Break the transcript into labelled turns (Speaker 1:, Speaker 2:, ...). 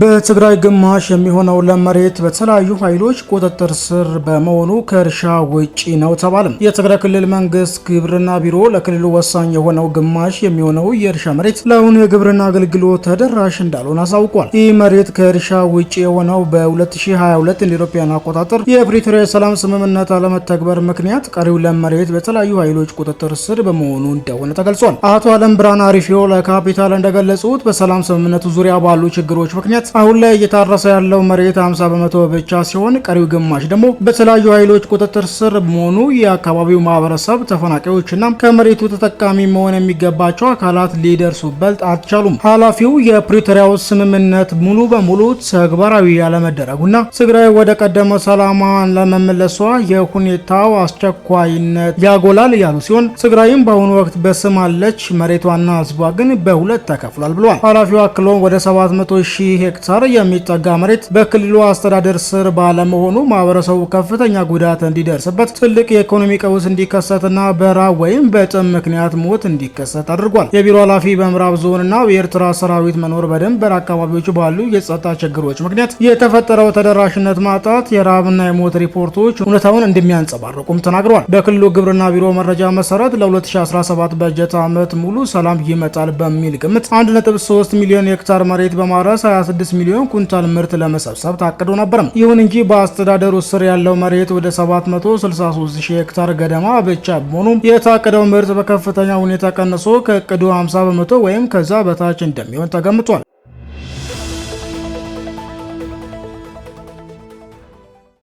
Speaker 1: በትግራይ ግማሽ የሚሆነው ለም መሬት በተለያዩ ኃይሎች ቁጥጥር ስር በመሆኑ ከእርሻ ውጪ ነው ተባለም። የትግራይ ክልል መንግስት ግብርና ቢሮ ለክልሉ ወሳኝ የሆነው ግማሽ የሚሆነው የእርሻ መሬት ለአሁኑ የግብርና አገልግሎት ተደራሽ እንዳልሆነ አሳውቋል። ይህ መሬት ከእርሻ ውጪ የሆነው በ2022 እንደ አቆጣጠር የፕሪቶሪያ የሰላም ስምምነት አለመተግበር ምክንያት ቀሪው ለም መሬት በተለያዩ ኃይሎች ቁጥጥር ስር በመሆኑ እንደሆነ ተገልጿል። አቶ አለም ብርሃን አሪፊዮ ለካፒታል እንደገለጹት በሰላም ስምምነቱ ዙሪያ ባሉ ችግሮች ምክንያት መሰረት አሁን ላይ እየታረሰ ያለው መሬት 50 በመቶ ብቻ ሲሆን ቀሪው ግማሽ ደግሞ በተለያዩ ኃይሎች ቁጥጥር ስር መሆኑ የአካባቢው ማህበረሰብ ተፈናቃዮችና ከመሬቱ ተጠቃሚ መሆን የሚገባቸው አካላት ሊደርሱበት አልቻሉም። ኃላፊው የፕሪቶሪያው ስምምነት ሙሉ በሙሉ ተግባራዊ ያለመደረጉና ትግራይ ወደ ቀደመ ሰላማን ለመመለሷ የሁኔታው አስቸኳይነት ያጎላል ያሉ ሲሆን ትግራይም በአሁኑ ወቅት በስም አለች፣ መሬቷና ህዝቧ ግን በሁለት ተከፍሏል ብሏል። ኃላፊው አክሎ ወደ 700 ሺህ ሄክታር የሚጠጋ መሬት በክልሉ አስተዳደር ስር ባለመሆኑ ማህበረሰቡ ከፍተኛ ጉዳት እንዲደርስበት፣ ትልቅ የኢኮኖሚ ቀውስ እንዲከሰትና በራብ ወይም በጥም ምክንያት ሞት እንዲከሰት አድርጓል። የቢሮ ኃላፊ በምዕራብ ዞንና የኤርትራ ሰራዊት መኖር በድንበር አካባቢዎች ባሉ የጸጥታ ችግሮች ምክንያት የተፈጠረው ተደራሽነት ማጣት፣ የራብና የሞት ሪፖርቶች እውነታውን እንደሚያንጸባርቁም ተናግረዋል። በክልሉ ግብርና ቢሮ መረጃ መሰረት ለ2017 በጀት ዓመት ሙሉ ሰላም ይመጣል በሚል ግምት 1.3 ሚሊዮን ሄክታር መሬት በማረስ 16 ሚሊዮን ኩንታል ምርት ለመሰብሰብ ታቅዶ ነበር። ይሁን እንጂ በአስተዳደሩ ስር ያለው መሬት ወደ 763 ሄክታር ገደማ ብቻ በመሆኑ የታቀደው ምርት በከፍተኛ ሁኔታ ቀንሶ ከእቅዱ 50 በመቶ ወይም ከዛ በታች እንደሚሆን ተገምቷል።